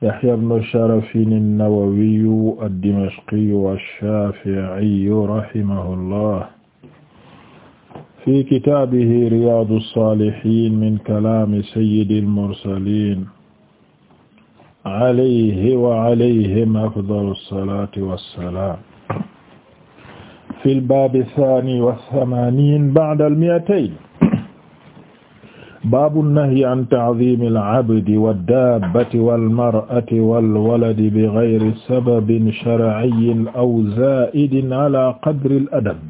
Yahya ibn Sharafin an-Nawawiyu ad-Dimashqiyu ash-Shafi'iyu rahimahullah fi kitaabihi Riyaadu s-Saalihiin min kalaami sayyidi l-mursaliin alayhi wa alayhim afdalu s-salaati wa s-salaam fi l-baabi ath-thaani wa th-thamaaniin ba'da l-mi'atayn baabu nahyi an ta'ziimil abdi wad daabati wal mar'ati wal waladi bi ghayri sababin shar'iyyin aw zaa'idin alaa qadril adab.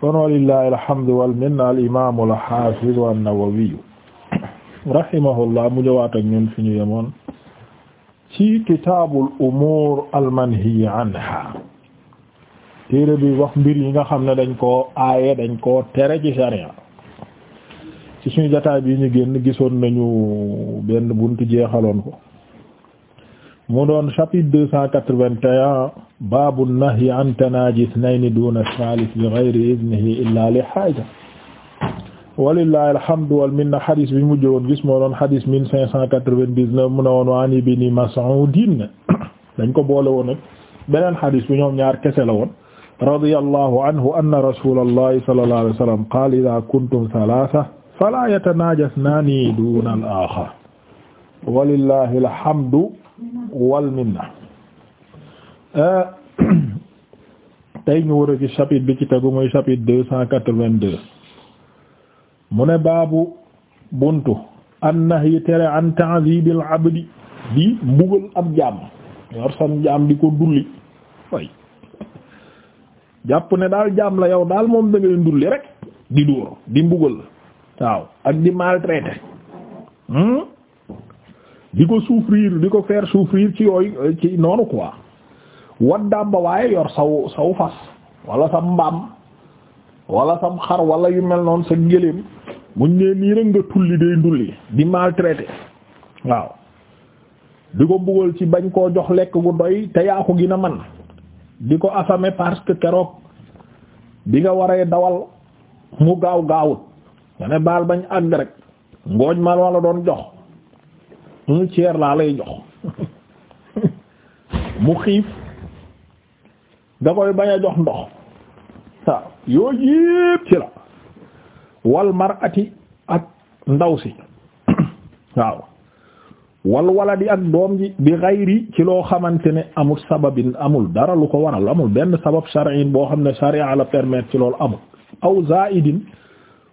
kon walillaahi alhamdu wal minna al imaamu al haafidu an-Nawawi rahimahullah mu jëwaat ak ñun fi ñu yemoon ci kitaabul umuur al manhiyyi anhaa téere bi wax mbir yi nga xam ne dañ koo aaye dañ koo tere ci sariya ci suñu jotaay bi ñu génn gisoon nañu benn buntu jeexaloon ko mu doon chapitre deux cent quatre-vingt-un baabu nahyi an tanaaji isnayni duna salis bi ghayri idnihi illa li haaja walillahi alhamdu wal minna hadis bi mujj moo doon hadis mille cinq cent quatre-vingt-dix-neuf mu ne woon waan ibni dañ ko boole beneen hadis bi ñoom ñaar kese anhu anna rasulallahi sallallahu alayhi wa kuntum thalatha fala yatanajasnaani duuna al-axar walillahi alhamdu wal euh, tey ñu war a gis chapitre bi ci tegu muy chapitre deux cent quatre-vingt-deux mu ne baabu buntu annahyi tere an ta'zibil abdi di mbugal ab jaam yor sam di ko dulli jàpp ne daal jaam la yow daal moom da dulli rek di dóor di mbugal waaw ak di maltraiter hmm? di ko souffrir di ko faire souffrir ci yooyu ci noonu quoi wat damba waaye yor saw saw fas wala sa mbaam wala sam xar wala yu mel noonu sa ngéléem muñ nee nii rek nga tulli day ndulli di maltraiter waaw di ko bëggal ci bañ koo jox lekk gu doy te yaa ko gina man di ko affamé parce que keroog bi nga waree dawal mu gaaw gaawut ma ne baal bañ àgg rek ngooñ ma la doon jox un tiers laa lay jox mu xiif da koy bañ a jox ndox waaw yooyu yépp ci la wal mar'ati ak ndaw si waaw wal waladi ak doom ji bi xayri ci loo xamante ne amul sababin amul dara lu ko waral amul benn sabab shar'in boo xam ne sharia la permettre ci lool amul aw zaidin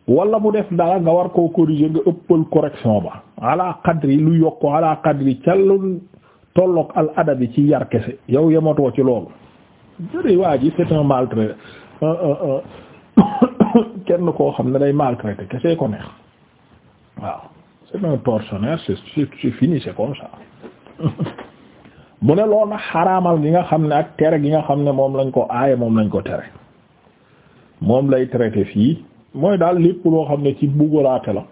wala mu def dara nga war koo corriger nga ëppal correction ba ala qadri lu yokk ala qadri ca lu tolloog al adabi ci yar kese yow yematoo ci loolu jëre waa ji c'est un kenn koo xam ne day maltraité kese ko neex waaw c'est un tortionnaire c'est c'est fini c'est comme ça mu ne loolu nag xaraamal gi nga xam ne ak tere gi nga xam ne moom lañ ko aaye moom lañ ko tere moom lay traité fii mooy daal lépp loo xam ne ci buggalaate la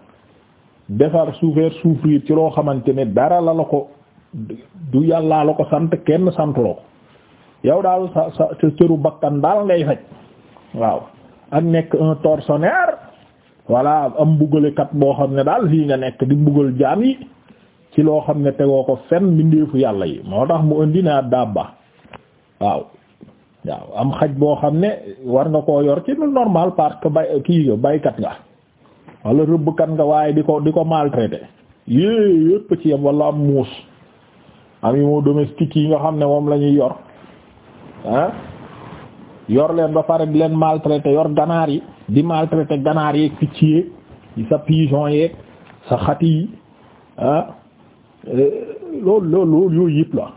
defar souffrir souffrir ci loo xamante ne dara la la ko du yàllaa la ko sant kenn sant santuloo ko yow daal sa sa cëru bakkan daal ngay faj waaw ak nekk un tortionnaire voilà am mbugalekat boo xam ne daal fii nga nekk di mbugal jaan yi ci loo xam ne tegoo ko fen mbindeefu yàlla yi moo tax mu indi ne dabba waaw waaw am xaj boo xam ne war nga koo yor ci normal parce que bay kii baykat nga wala rëbbkat nga waaye di ko di ko maltraité yée yépp ci yam wala am muus animaux domestiques yi nga xam ne moom la ñuy yor ah yor leen ba pare di leen maltraité yor ganaar yi di maltraité ganaar yeeg picc yeeg sa pigeon yeeg sa xati yi ah eh, loolu loolu loolu yooyu yëpp la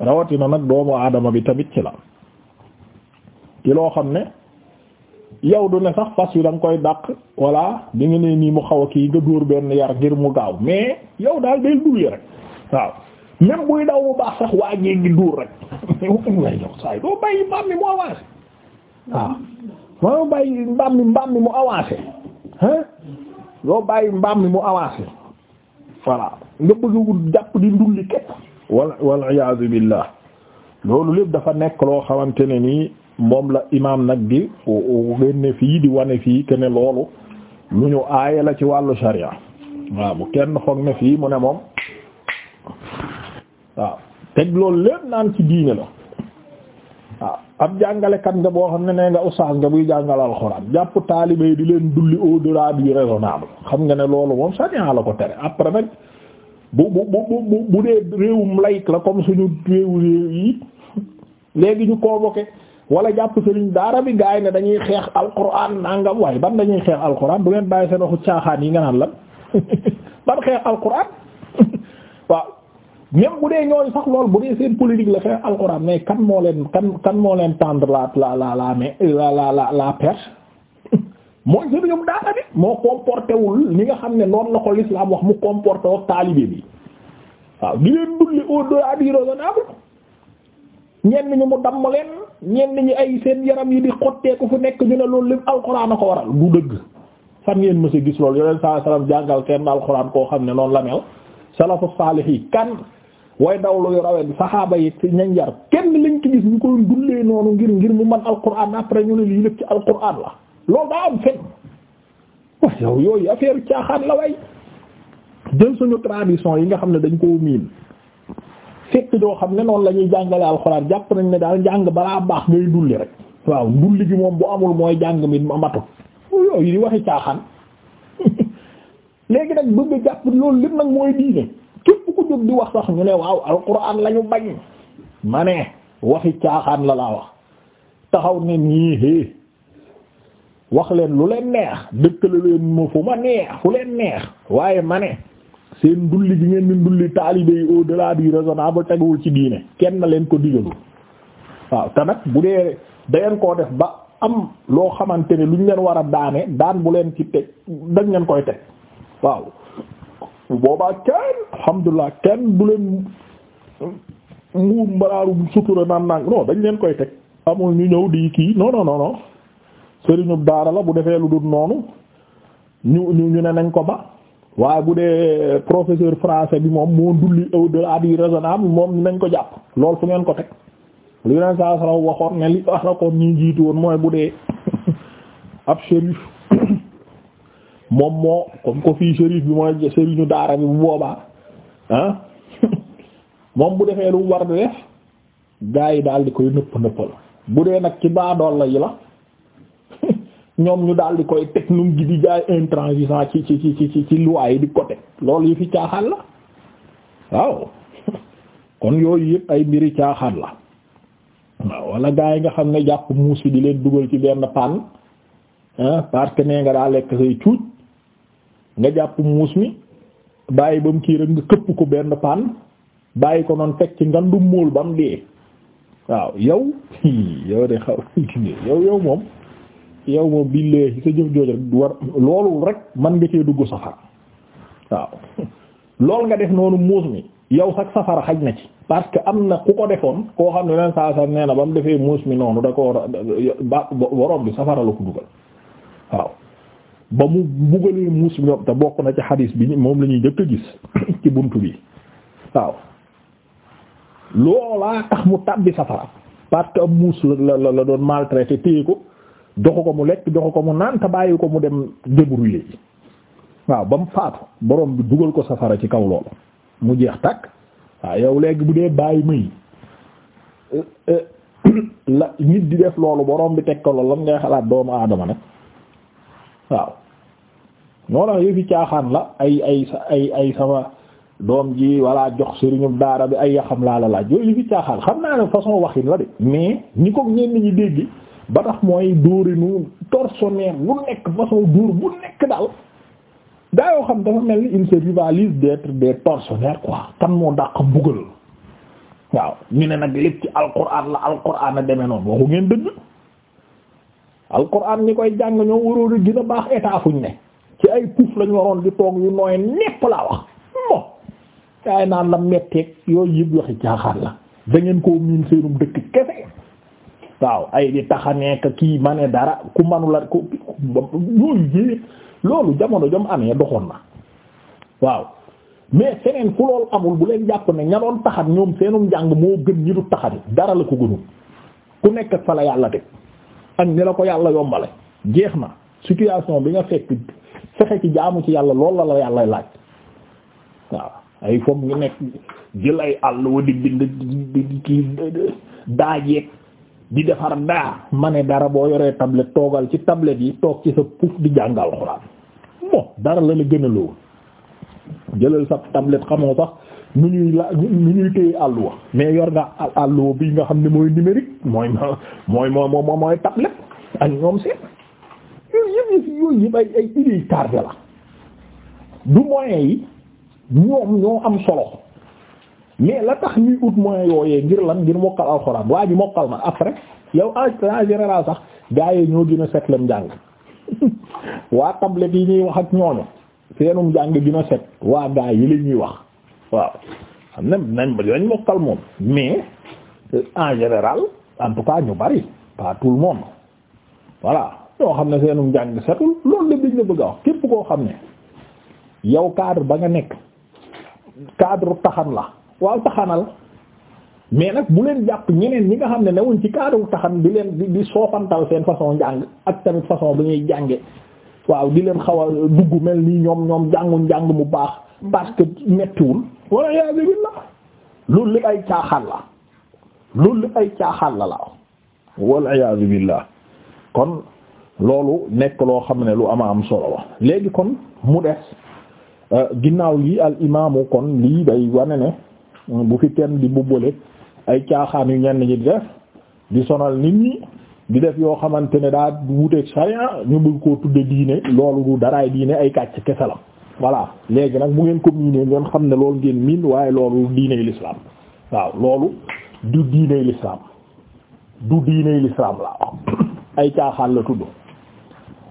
rawatina nag doomu aadama bi tamit ci la ci loo xam ne yow du ne sax fas wi da koy dàq walla di nga ne nii mu xaw a kii nga dóor benn yar ngir mu gaaw mais yow daal day duye rek waaw même buy daw bu baax sax waa ngee ngi dóor rek way yow saay doo bàyyi mu avancé bàyyi mbaam mi mu avancé hein doo bàyyi wal wal iyaazu billah loolu lépp dafa nekk loo xamante ne nii moom la imaam nag di génne fii di wane fii que ne loolu lu ñu aaye la ci wàllu sharia waaw bu kenn foog ne fii mu ne moom waaw teg lool lépp naan ci diine la waaw ab jàngalekat nga boo xam ne nee nga oustaz nga buy jàngal alxuraan jàpp taalibe di leen dulli au-delà du raisonnable xam nga ne loolu moom sharia la ko tere après nag bu bu bu bu dee réewum laïc la comme suñu réew yi léegi ñu convoqué. wala jàpp sëriñ daara bi gaay ne dañuy xeex alquran nangam waaye ban dañuy xeex alquran du ngeen bàyyi seen waxu caaxaan yi nga naan lan ban xeex alquran waaw même bu dee ñooñu sax lool bu dee seen politique la xeex alquran mais kan moo leen kan kan moo leen tendre la la la la la la perche mooy sëriñum daara bi moo comporté li nga xam ne noonu la ko l'islam wax mu comporté woo taalibe bi waaw di leen dulli au delà du raisonnable ñenn ñu ñenn ñi ay seen yaram yi di xotteeku fu nekk ñu ne loolu lim alxuraan a ko waral du dëgg fan ngeen mësa gis loolu yoneen saa salaam jàngal kenn alxuraan koo xam ne noonu la mel salafu saalih yi kan way dawlu yu rawet saxaaba yi ci ñañ yar kenn lañ ci gis ñu ko dullee noonu ngir ngir mu man alxuraan après ñu ne lii lépp ci alxuraan la loolu daa am fenn waa yooyu affaire caaxaan la way jël suñu tradition yi nga xam ne dañ koo miin fekk doo xam ne noonu la ñuy jàngale alxuraan jàpp nañ ne daal jàng balaa baax ngay dulli rek waaw dulli gi moom bu amul mooy jàng mi ma matu yooyu di waxi caaxaan léegi nag bëgg jàpp loolu lépp nag mooy diine képp ku jóg di wax sax ñu ne waaw alxuraan la ñu bañ ma ne waxi caaxaan la laa wax taxaw ne nii hee wax leen lu leen neex dëkkale leen ma fu ma neex fu leen neex waaye ma ne seen ndulli bi ngeen di ndulli taalibe yi au delà du raisonnable teguwul ci diine kenn na leen ko digalul waaw te nag bu dee dangeen koo def ba am loo xamante ne ñu leen war a daane daan bu leen ci teg dañ leen koy teg waaw boobaa kenn kenn du leen muur mbaraarum sutura naan dañ leen koy teg amul ñu ñëw di kii non non non non sëriñu daara la bu defee lu dul noonu ñu ñu ñu ne nañ ko ba waaye bu dee professeur français bi moom moo dulli au-delà du raisonnable moom nañ ko jàpp lool fu ngeen ko teg lu yeneen saa sara waxoon ne li arakoon ñi jiitu woon mooy bu dee ab shérif moom moo comme ko fii shérif bi mooy ñu daara bi bu boobaa ah moom bu defee lu mu war di def gaa yi daal di koy nëpp nëppal bu dee nag ci baadool la yi la ñoom ñu daal di koy teg nu mu di jaay intransigeant ci ci ci ci ci loi yi di côté lool yi fi caaxaan la waaw kon yooyu yëpp ay mbiri caaxaan la waaw wala gaa yi nga xam ne jàpp muus yi di leen dugal ci benn pan parce que nga daa lekk say cuuj nga jàpp muus mi bàyyi ba mu kii rek nga këpp ko benn pan bàyyi ko noonu teg ci ngandum móol ba mu dee waaw yow yow de xaw yow yow moom yow moom billaahi sa jëf jooju rek war loolu rek man nga cee dugg safara waaw loolu nga def noonu muus mi yow sax safara xaj na ci parce que am na ku ko defoon koo xam ne leen saa saa nee na ba mu defee muus mi noonu da ko ba borom bi safara la ko dugal waaw ba mu buggalee muus mi te bokk na ci xadiis bi moom la ñuy jëkk a gis ci bunt bi waaw loolaa tax mu tàbbi safara parce que am muus la la la doon maltraité téye ko joxu ko mu lekk joxu ko mu naan bàyyi ko mu dem débrouiller yi waaw ba mu faatu borom bi dugal ko safara ci kaw loolu mu jeex takk waaw yow léegi bu dee bàyyi may euh, euh, la nit di def loolu borom bi teg ko loolu lan ngay xalaat doomu aadama nag waaw ñoo tax yëfi caaxaan la ay ay ay ay sama doom ji walla jox sëriñu daara bi ay yaxam laa la laaj yooyu yëfi caaxaan xam naa ne façon waxin la de mais ñi ko ñenn ñi dégg ba tax mooy dóorinu tortionnaire lu nekk façon dóor bu nekk daal gaa xam dafa mel ni il se rivalise d'être des tortionnaires quoi kan moo dàq mbugal waaw ñu ne nag lépp ci alquran la alquran a demee noonu waxu ngeen dëgg alquran ñi koy jàng ñoo waroon a baax état fuñ ne ci ay puuf lañu waroon di toog yu nooy nepp laa wax mo kaay naan la metteeg yooyu yëpp waxi caaxaan la da ngeen koo miin seenum dëkk kese waaw ay di tax a nekk kii ma ne dara ku manula ku yooyu loolu jamono jom amee doxoon na mais feneen fu amul bu leen jàpp ne ña doon ñoom seenum njàng moo gën ñi du taxati ko gënul ku nekk yàlla teg ak ko yàlla yombale jeex na situation bi nga jaamu ci yàlla lool la yàlla laaj waaw ay ngi jël ay àll wa di bind di di kii daajeek di defar daa ma ne dara boo yoree tablette toogal ci tablette yi toog ci sa puuf di jàngal xuraan bon dara la la gën a lool jëlal sa tablette xamoo sax nu ñuy la nu ñuy téye àlluwa mais yor nga àlluwa bi nga xam ne mooy numérique mooy mooy mooy mooy mooy ak ñoom seen yooyu yëpp ay ay idées la du moyens yi ñoom ñoo am solo. mais la tax ñuy ut moyens yooyee ngir lan ngir mokkal alxuraan waa ji mokkal ma après yow en général sax gars yi ñoo gën a set leen jàng waa tablette yi ñuy wax ak ñooñu seenum jàng gën a set waa gars yi la ñuy wax waaw xam ne nañ ba dañ mokkal moom mais euh, en général en tout cas ñu bari pas tout le monde voilà ñoo xam ne seenum jàng setul loolu la bëgg a wax képp koo xam ne yow cadre ba nga nekk cadre taxan la waaw taxanal mais nag bu leen jàpp ñeneen ñi nga xam ne newuñ ci kaadawu taxan di leen di di soofantal seen façon njàng ak tamit façon bi ñuy jànge waaw di leen xaw a dugg mel nii ñoom ñoom jàngu njàng mu baax parce que mettiwul wala yabilillah loolu lépp ay caaxaan la loolu lépp ay caaxaan la la wal iyaazu billah kon loolu nekk loo xam ne lu ama am solo la léegi kon mu des euh, ginnaaw lii al imaamu kon lii day wane ne bu fi ten di bubbale ay caaxaan yu ñenn ñi def di sonal nit ñi di def yoo xamante ne daa wuteeg charia ñu bëgg koo tudde diine loolu du daraay diine ay kàcc kese la voilà léegi nag bu ngeen ko miinee ngeen xam ne loolu ngeen miin waaye loolu diiney l'islam waaw loolu du diiney l'islam du diiney l'islam la ay caaxaan la tudd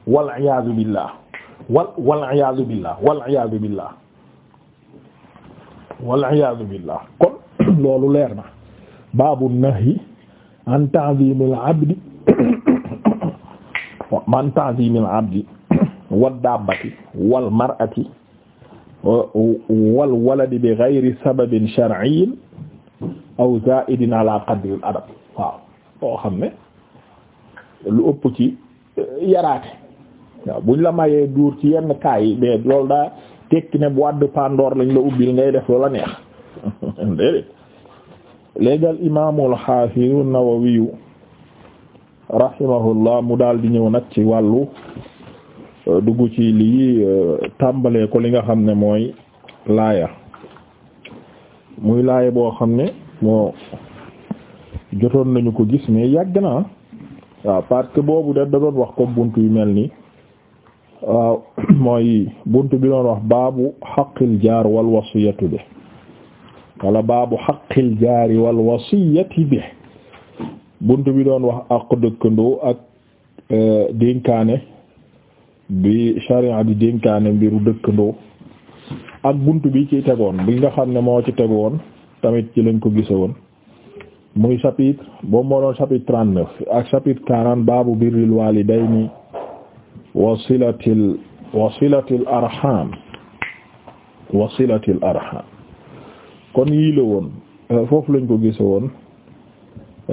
wal iyaazu billah wal wal iyaazu billah wal iyaazu billah wal iyaadu billah kon loolu leer na baabu nahyi an ta'zimil abdi man ta'zimil abdi wad dabbati wal mar'ati wal waladi bi ghayri sababin shar'iyyin aw zaa'idin ala qadril adab waaw boo xam ne lu ëpp ci yaraate waaw buñ la mayee duur ci yenn kaay yi mais loolu daa tekki ne bu de Pandore lañ la ubbil ngay def loola neex déedéet léegi al imaamul xaafizu Nawawiyu rahimahullah mu daal di ñëw nag ci wàllu euh, dugg ci lii euh, tàmbalee ko li nga xam ne mooy laaya muy laaya boo xam ne moo jotoon nañu ko gis mais yàgg na ah. waaw parce que boobu da doon wax ko bunt yu mel nii waaw mooy buntu bi doon wax baabu xaqil jaar wal wasiyatu bi wala baabu xaqil jaari wal wasiyati bi buntu bi doon wax ak dëkkandoo ak e, dénkaane bi sharia di dénkaane mbiru dëkkandoo ak bunt bi ci tegoon bi nga xam ne moo ci woon tamit ci lañ ko gisoon muy chapitre boobu moo doon chapitre trente neuf ak chapitre quarante baabu birril walidayni wasilatil wasilatil arham wasilatil arham kon yii la woon euh, foofu lañ ko gise woon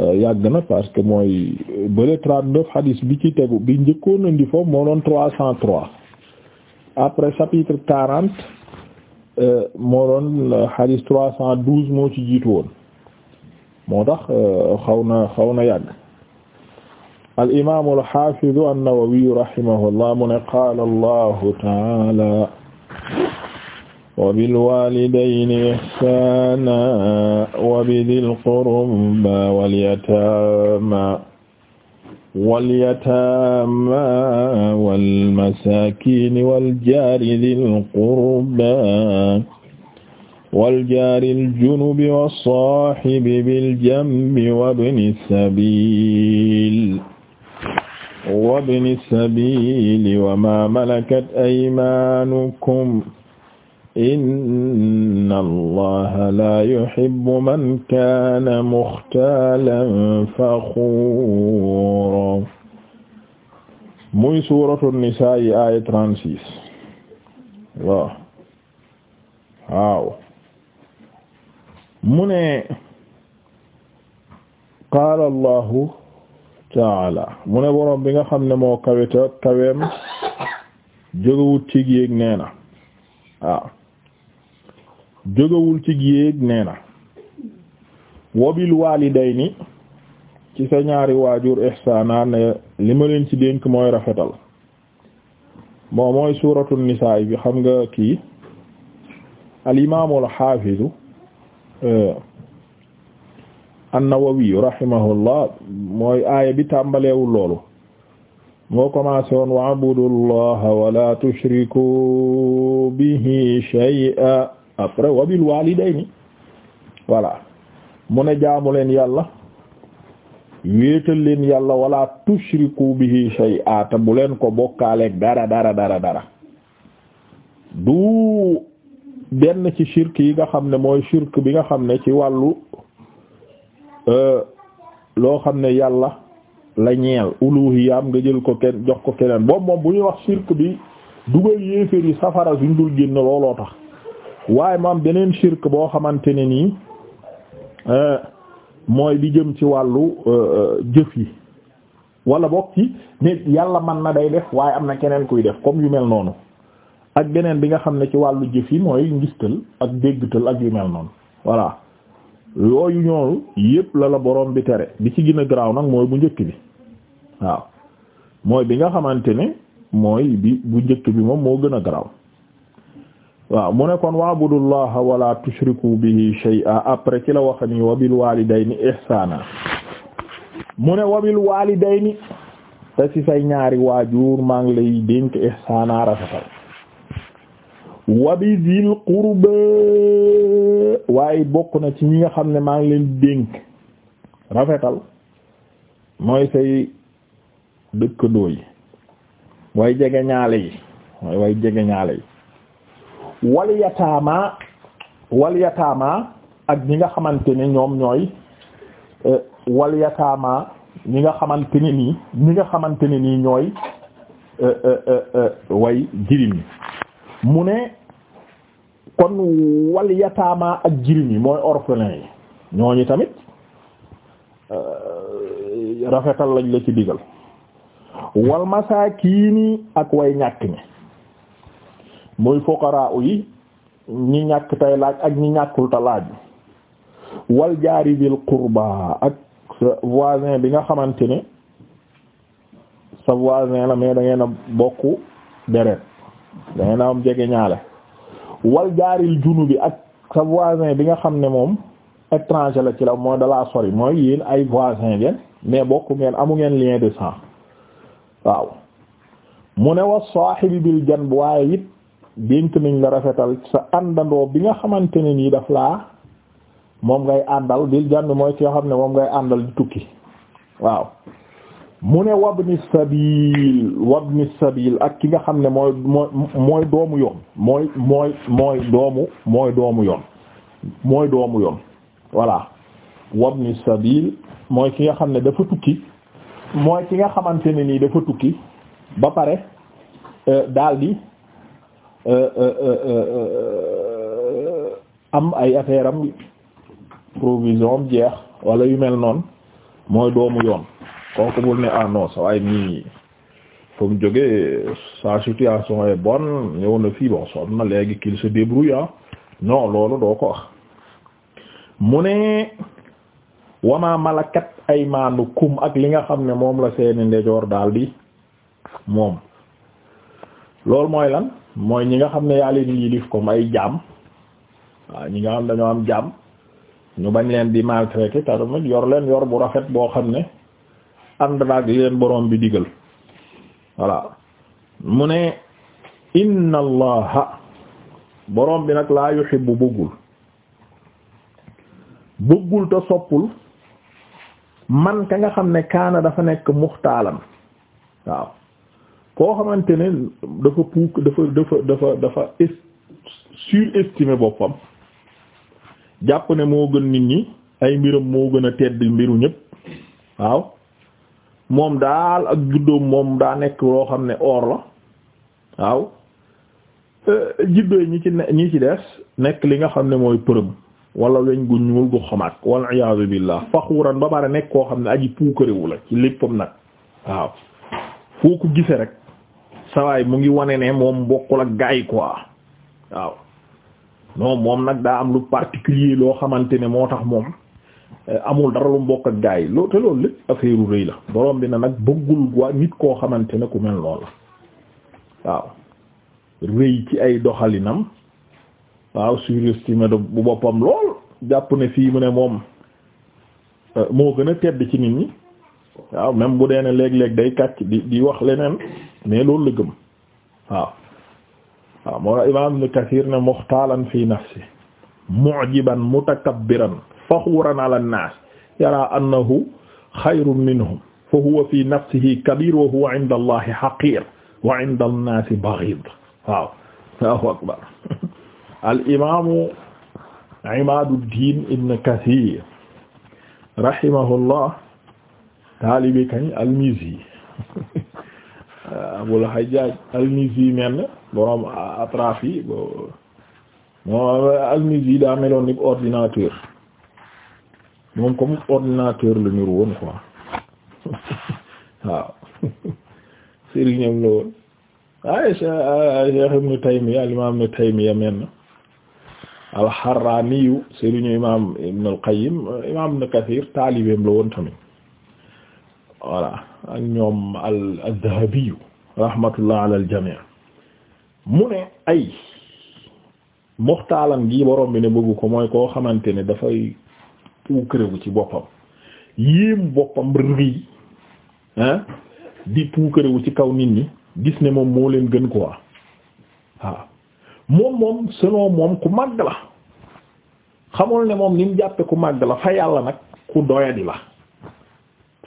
euh, yàgg na parce que mooy euh, bële 39 hadis bi ci tegu bi njëkkoon indi foofu moo doon 303 après chapitre 40 moo doon hadis moo ci jiitu woon moo tax xaw na xaw na yàgg. al imaamu al xaafidu an-Nawawi rahimahullah mu ne qaala Allahu ta'aala wa bil waalidayni ihsaana wa bi dhil qurba wal yataama wal yataama wal masaakiini wal jaari dhil qurba wal jaaril junubi was saahibi bil janbi wabni sabiil wabni sabili wa ma malakat aymanukum inna allaha la yuhibbu man kana muxtalan faxuura muy suratu nisaa yi aya trente-six waaw waaw mu ne qaala allahu taala mu ne boroom bi nga xam ne moo kaweta kaweem jógawul ci yéeg nee na waaw jógawul ci yéeg nee na wobil ni ci sa ñaari waajur ihsaana ne li ma leen ci dénk mooy rafetal moo mooy suuratu nisaa bi xam nga kii al xaafizu euh, an-Nawawi rahimahullah mooy aaya bi tàmbaleewul loolu moo commencé woon wa'budu llaha wa la tushriku bihi shay'a après wa bil walidayni voilà mu ne jaamu leen yàlla wéetal yàlla wala tushriku bihi shay'a te bu leen ko bokkaaleeg dara dara dara du benn ci shirk yi nga xam ne mooy shirk bi nga xam ne ci wàllu Euh, loo xam ne yàlla la ñeel uluhiyaam nga jël ko kenn jox ko keneen boobu moom bu ñuy wax shirk bi dugal yéeféer yi safara suñ dul génn looloo tax waaye moom beneen shirk boo xamante ne nii euh, mooy bi jëm ci wàllu euh, jëf yi wala bokk ci nit yàlla man na day def waaye am na keneen kuy def comme yu mel noonu ak beneen bi nga xam ne ci wàllu jëf yi mooy ngistal ak déggtal ak yu noonu voilà yooyu ñooñu yépp la la borom bi tere bi ci gën a garaaw mooy bu njëkk bi waaw mooy bi nga xamante ne mooy bi bu njëkk bi moom moo gën a garaaw waaw mu ne kon waabudullaha wala tushriku bihi shay'a après ci la wax ni wabil walidayni ihsana mu ne wabil walidayni te ci say ñaari waajur maa ngi lay dink ihsana rafetal wa bi zil qurba waaye bokk na ci ñi nga xam ne maa ngi leen dénk rafetal mooy say dëkkandoo yi way jege ñaale yi mooy jege ñaale yi wal yataama wal yataama ak ñi nga xamante ne ñoom ñooy eh, wal yataama ñi nga xamante ni nii ñi nga xamante ne nii ñooy eh, eh, way jirim yi mu ne kon wal yataama ak jirim yi mooy orphelin yi ñooñu tamit euh, rafetal lañ la ci digal wal masaakiini ak way ñàkk ñi muy fuqaraa yi ñi ñàkk tay laaj ak ñi ñàkkul ta laaj wal jaari bil qurba ak sa voisin bi nga xamante ne sa voisin la mais da ngeen bokk deret da ngeen am jege ñaale wal jaaril junubi ak sa voisin bi nga xam ne moom étranger la ci la mooy dalaa sori mooy yéen ay voisin ngeen mais bokk ngeen amu ngeen lien de sang waaw mu ne wa saahibi bil janb waaye it dénk nañ la rafetal sa àndandoo bi nga xamante ne nii daf laa moom ngay àndal bil janb mooy ci nga xam ne moom ngay àndal di tukki waaw mu ne wabni sabil wabni sabil ak ki nga xam ne mooy mooy mooy doomu yoon mooy mooy mooy doomu mooy doomu yoon mooy doomu yoon voilà wabni sabil mooy ki nga xam ne dafa tukki mooy ki nga xamante ne nii dafa tukki ba pare euh, daldi euh, euh, am ay affaire am provision jeex wala yu mel noonu mooy doomu yoon kooku bul ne ah non sa waay mii sa situation est na fii na léegi qu'il se débrouille ah. non loolu doo ko wax mu ne wamaa malakat ay maanu kum ak li nga xam ne moom la seeni ndejoor daal di moom loolu mooy lan mooy ñi nga xam ne yaa leen yilif comme ay jaam waaw ñi nga xam dañoo am jaam ñu bañ leen di maltraiter te yor leen yor bu rafet boo xam ne ànd naag boroom leen borom bi digal voilà mu ne inna allaha bi nag laa yuhibbu bëggul bëggul te soppul man ka nga xam ne kaana dafa nekk muxtaalan waaw koo xamante ne dafa puuk dafa dafa dafa dafa surestimé boppam jàpp ne moo gën nit ñi ay mbiram moo gën a tedd mbiru ñépp waaw moom daal ak juddoom moom daa nekk loo xam ne or la waaw euh, jiddooy ñi ci ñi ci des nekk li nga xam ne mooy përëm wala weñ gu ñuul gu xamaat wal iyaazu billah faxuuran ba bare nekk koo xam ne aji puukarewu la ci léppam nag waaw foo ko gisee rek sawaay mu ngi wane ne moom bokkul ak gaay quoi waaw non moom nag daa am lu particulier loo xamante ne moo tax moom Euh, amul dara lu mbokk ak gaa loo te loolu lépp affaire rëy la borom bi na nag bëggul waa nit koo xamante ne ku mel noonu la waaw rëy ci ay doxalinam waaw surestimé de bu boppam lool jàpp ne fii mu ne moom euh, moo gën a tedd ci nit ñi waaw même bu dee ne léeg-léeg day kàcc di di wax leneen mais loolu la gëm waaw waaw moo la imam Ibn Kathir ne muxtaalan fi nafsi mu'jiban mutakabbiran faxuran ala nnaas yara annahu xayrun minhum fa huwa fi nafsihi kabir wa huwa inda allahi xaqir wa inda annaasi baghid waaw Allahu akbar al imaamu Imaaduddin ibn Kathir rahimahullah taalibi kañ al-Mizzi Abul Hajjaj al-Mizzi men borom atrafi bo moom al-Mizzi daa meloon ni ordinateur moom comme ordinateur la niru woon quoi waaw sëriñam la woon waaye ah, ah, Cheikh Ibn Taymiyya al-Imam Ibn Taymiyya men al-Harraniyu sëriñu Imam Ibn Kathir taalibeem la woon tamit voilà ak ñoom al-Dhahabiyu rahmatullah ala al-jami' mu ne ay moxtaalam gi borom bi ne bëgg ko mooy koo xamante ne dafay pou ci boppam yéem boppam rëy ah di pou ci kaw nit ñi gis ne moom moo leen gën quoi waaw moom moom selon moom ku màgg la xamul ne moom ni mu jàppe ku màgg la fa yàlla nag ku doyadi la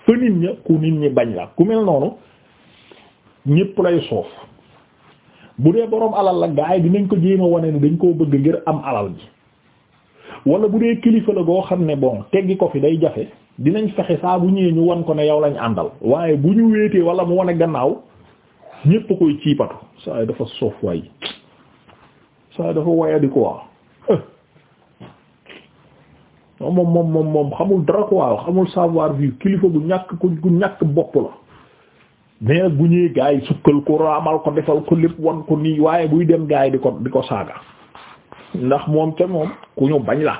fa nit ña ku nit ñi bañ la ku mel noonu ñépp lay soof bu dee boroom alal la gaa yi dinañ ko jéem a wane ne dañ koo bëgg ngir am alal ji wala bu dee kilifa la boo xam ne bon teggi ko fi day jafe dinañ fexe saabu bu ñëwee ñu wan ko ne yow lañu àndal waaye bu ñu wéetee wala mu wane gannaaw ñépp koy ciipatu saa yi dafa soof waay saa yi dafa wayadi quoi moom moom moom moom xamul dara quoi xamul savoir vivre kilifa gu ñàkk ku ñàkk bopp la mais bu ñëwee gaa yi sukkal ko raamal ko defal ko lépp wan ko nii waaye buy dem gaa yi di ko di ko saaga ndax moom te moom ku ñu bañ la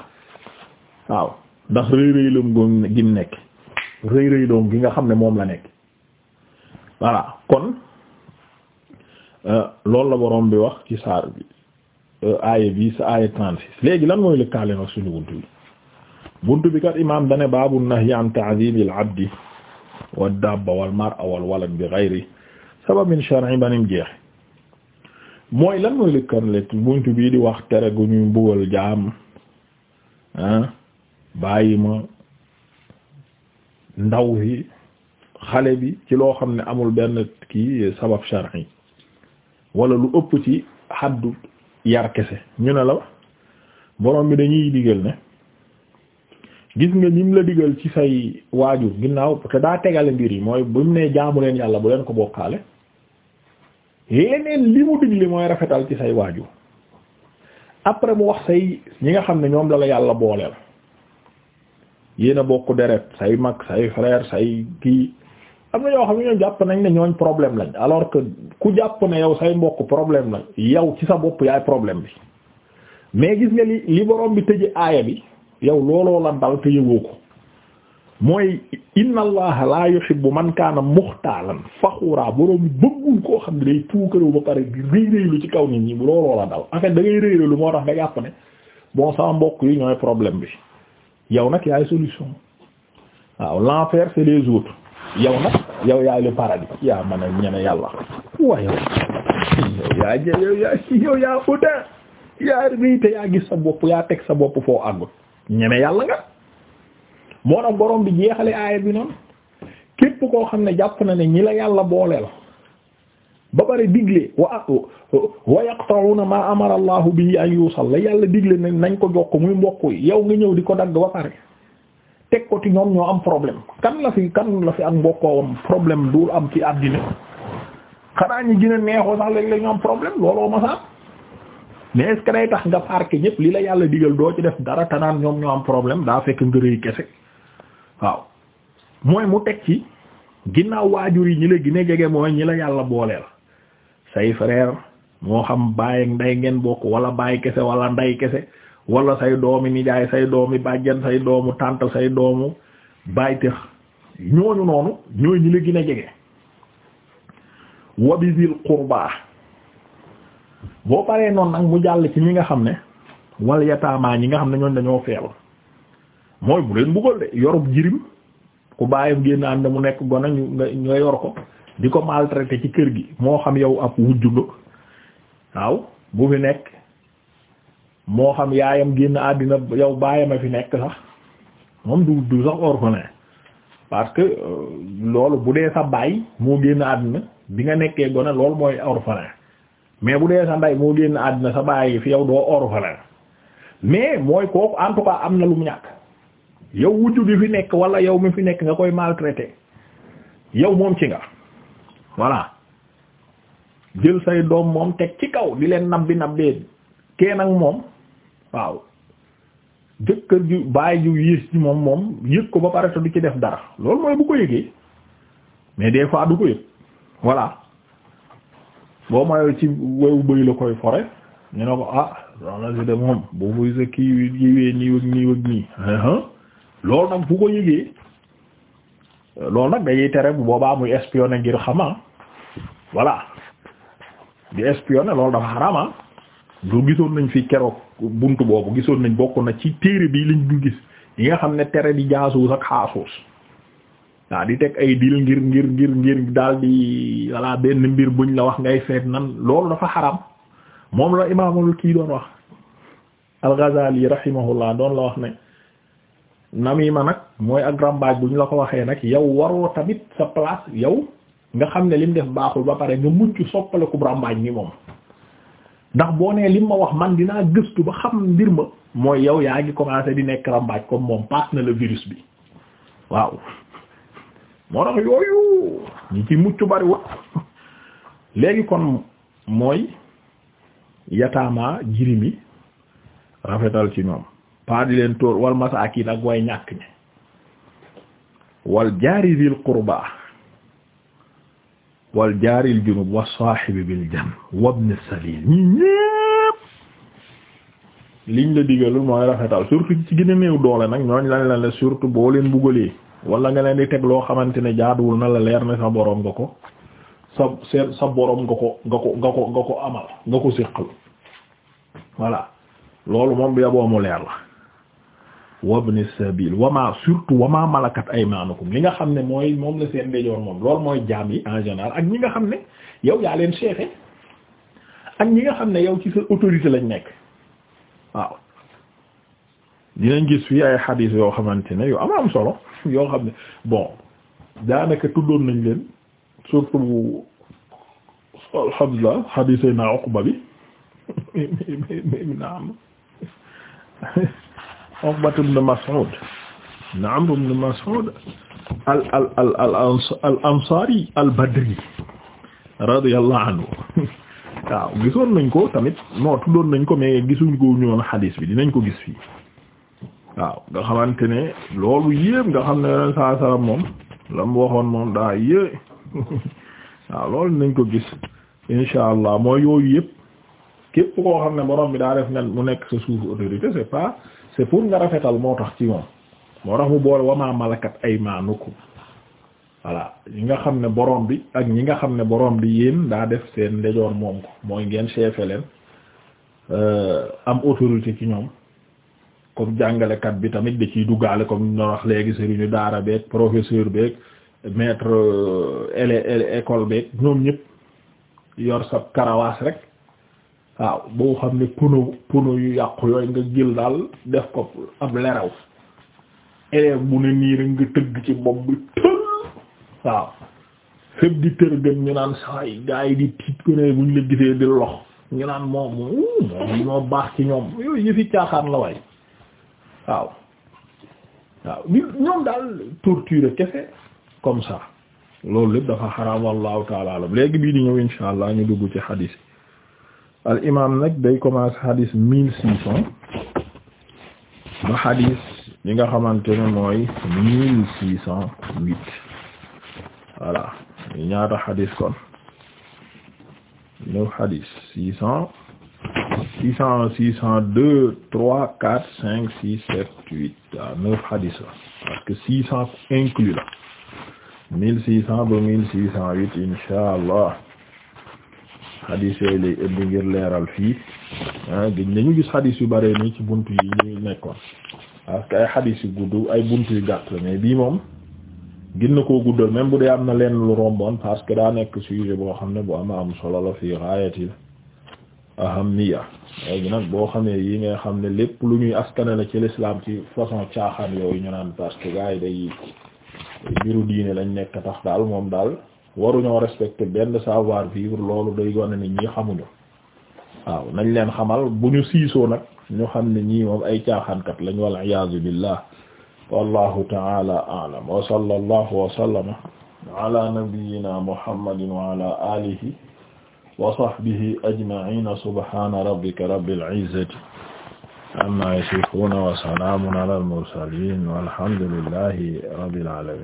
waaw ndax rëy rëy lum nekk rëy doom gi nga xam ne moom la nekk voilà kon euh, loolu la borom bi wax ci saar bi euh, aaya bi sa aaya trente-six léegi lan mooy lëkkaale nag suñu buntu bi buntu bi kat imaam dane baabu nahyi an ta'dhibil abdi wad dabba wal mar'a wal walad bi ghayri sababin shar'i banim jeex mooy lan mooy lëkkan lekk buntu bii di wax tere gu ñuy mbugal jaam ah, bàyyi ma ndaw yi xale bi ci loo xam ne amul benn kii sabab shar'i wala lu ëpp ci xaddu yar kese ñu ne la borom bi dañuy digal ne gis nga ñim la digal ci say waajur ginnaaw te daa tegale mbir yi mooy bu mu nee jaamu leen yàlla bu leen ko bokkaale li mu digle mooy rafetal ci say waaju après mu wax say ñi nga xam ne ñoom la la yàlla booleel yéen a bokk deret say mag say frère say kii am na yoo xam ne ñoom jàpp nañ ne ñooñ problème lañ alors que ku jàpp ne yow say mbokk problème la yow ci sa bopp yaay problème bi mais gis nga li li borom bi tëji aaya bi yow looloo la dal te yëgoo ko mooy inna allaha la yuhibbu man kaana muxtaalan faxuura boroom bëggul koo xam ne day tuukarew ba pare di rëy rëylu ci kaw nit ñi bu looloo la dal en fait da ngay rëy moo tax nga jàpp ne bon sama mbokk yi ñooy problème bi yow nag yaay solution waaw l'enfer c'est les autres yow nag yow yaay le paradis yaa mën a ñeme yàlla waaye yow yaa yow yaa yow yaa autin yaa rëy te yaa gis sa bopp yaa teg sa bopp foo àggut ñeme yàlla nga moo tax borom bi jeexale aaya bi noonu képp koo xam ne jàpp na ne ñi la yàlla booleel ba pare digle wa wa yaqta'una ma amara allahu bi an yuusal la yàlla digle nañ nañ ko jox ko muy mbokk yi yow nga ñëw di ko dagg ba pare teg ko ci ñoom ñoo am problème kan la fi kan la fi ak mbokkoo am problème duul am ci àddina xanaa ñi gën a neexoo sax léeg-léeg ñu am problème looloo ma sax mais est-ce que day tax nga parke ñëpp li la yàlla digal doo ci def dara tanaan ñoom ñoo am problème daa fekk ngërëy kese waaw mooy mu teg ci ginnaaw waajur yi ñi la gën a jege mooy ñi la yàlla booleel say frère moo xam baay ak ngeen bokk wala bàyyi kese wala nday kese wala say doomi nijaay say doomi bàjjan say doomu tànt say doomu baay tëx ñooñu noonu ñooy ñi la gën a jege wabisil qurbaa boo paree noon nag mu jàll ci ñi nga xam ne wal yataamaa ñi nga xam ne ñooñ dañoo feebar mooy bu leen buggal de yorub jirim ku bàyyam génn ànd mu nekk gone ñu nga yor ko di ko maltraité ci kër gi moo xam yow ab wujju nga waaw bu fi nekk moo xam yaayam génn àddina yow bàyyam a fi nekk sax moom du du sax orphelin parce que euh, loolu bu dee sa baay moo génn àddina bi nga nekkee gone loolu mooy orphelin mais bu dee sa ndey moo génn àddina sa baay fi yow doo orphelin mais mooy kooku en am na lu mu ñàkk yow wujju gi fi nekk wala yow mi fi nekk nga koy maltraité yow moom ci nga voilà jël say doom moom teg ci kaw di leen nabbi nabbee kenn ak moom waaw jëkkër ju bàyyi ju yées moom moom yëg ko ba pare te du ci def dara loolu mooy bu ko yëgee mais des fois du ko yëg voilà boo mayoo ci wewu bëy la koy fore ñu ne ko ah soxna si de moom boo sa kii kii wee nii wëg nii wëg nii loolu nag bu ko yëgee loolu nag dañuy tere bu boobaa muy espionner ngir xama ah, voilà di espionner loolu dafa xarama ah. lu gisoon nañ fi keroog buntu boobu gisoon nañ bokk na ci téere bi lañ du gis yi nga xam ne tere di jaasuus ak xaasuus waaw di teg ay dil ngir ngir ngir ngir dal di voilà benn mbir buñ la wax ngay feet nan loolu dafa xaram moom la imaamul kii doon wax al-Ghazali rahimahullah doon la wax ne yi ma nag mooy ak rambaaj bu ñu la ko waxee nag yow waroo tamit sa place yow nga xam ne lim def baaxul ba pare nga mucc soppaleku rambaaj ni moom ndax boo nee lim ma wax man dinaa gëstu ba xam mbir ma mooy yow yaa ngi commencé di nekk rambaaj comme moom paas na la virus bi waaw moo tax yooyu ñi ci mucc léegi kon mooy yataamaa jirimi rafetal ci ñoom pas di leen tóor wal masaakin ak way ñàkk ñi wal jaari dil wal jaaril junub wa saahibi bil janb wabni sabil ñi ñépp liñ la digalul mooy rafetal surtout ci gën a néew doole nag ñooñ lañ la ne surtout boo leen buggalee wala nga leen di teg loo xamante ne jaaduwul na la leer ne sa boroom nga ko sa seen sa boroom nga ko nga ko nga ko amal nga ko siqal voilà loolu moom bi yaboo mu leer la wabni sabil wama surtout wama malakat aymanukum li nga xam ne mooy moom la seen ndejoor moom loolu mooy jaam yi en général ak ñi nga xam ne yow yaa leen chefe ak ñi nga xam ne yow ci sa autorité lañ nekk waaw dinañ gis fii ay xadiis yoo xamante ne yu am am solo yoo xam ne bon daanaka tuddoon nañ leen surtout alhamdulilah xadiis ay naa Uqba bi mi mi mi mi na am Uqbat ibn Mas'ud ibn Amr ibn Mas'ud al al al al al Ansari al Badri anhu waaw gisoon nañ ko tamit non tuddoon nañ ko mais gisuñ ko ñu woon xadiis bi dinañ ko gis fii waaw nga xamante ne loolu yépp nga xam ne yeneen saa salaam moom la mu waxoon moom daa yée loolu dinañ ko gis insha allah mooy yooyu yépp képp koo xam ne borom bi daa def nga mu nekk sa suuf autorité c'est pas. c'est pour nga rafetal moo tax ci moom moo tax mu boole wamaa malakat aymaanukum voilà ñi nga xam ne borom bi ak ñi nga xam ne borom bi yéen daa def seen ndejoor moom ko mooy ngeen chefe leen euh, am autorité ci ñoom comme jàngalekat bi tamit da ciy duggaale comme ñu wax léegi sëriñu daara beeg professeur beeg maître euh, école beeg ñoom ñëpp yor sa karawaas rek waaw boo xam ne pono pono yu yàqu yooyu nga jël daal def ko ab leraw élève bu ne nii nga tëgg ci bopp bi tël waaw fépp di tër dem ñu naan saa yi gars di tiit ko ne buñ la gisee di lox ñu naan moom moom ñoo baax ci ñoom yooyu yëfi caaxaan la way waaw waaw ñoom daal torture kese comme ça loolu lépp dafa xaraam wallahu taala léegi bii di ñëw insha allah ñu dugg ci xadiis al imam nag day commencer hadis mille ba hadis li nga xamante ne mooy mille six cent huit voilà ñaata hadis kon neuf hadis six cent six cent six cent deux trois quatre cinq six sept huit neuf hadis la parce que six cent inclus la mille six cent ba mille six cent huit inshallah xadiis yooyu lay indi ngir leeral fii ah gis gis xadiis yu bare nii ci bunt yi ñuy nekkoon parce que ay xadiis yu gudd ay bunt yu gàtt la mais bii moom gën na koo guddal même bu dee am na leen lu romboon parce que daa nekk sujet boo xam ne bu ama am solo la fii gaayatil ahammiya léegi nag boo xamee yi ngay xam ne lépp lu ñuy askane la ci lislaam ci façon caaxaan yooyu ñu naan parce que gars yi day mbiru diine lañ nekk tax daal moom daal waruñoo respecter benn savoir vivre loolu day wane ne ñii xamuñu waaw nañ leen xamal bu ñu siisoo nag ñu xam ne ñii moom ay caaxaankat lañ wal iyaazu billah wallahu ta'ala a'lam wa sallallahu wa sallama ala nabiyyina muhammadin wa ala alihi wa sahbihi ajma'ina subhana rabbika rabbil izzati amma yasifuna wa salamun ala al mursalin walhamdulillahi rabbil alamin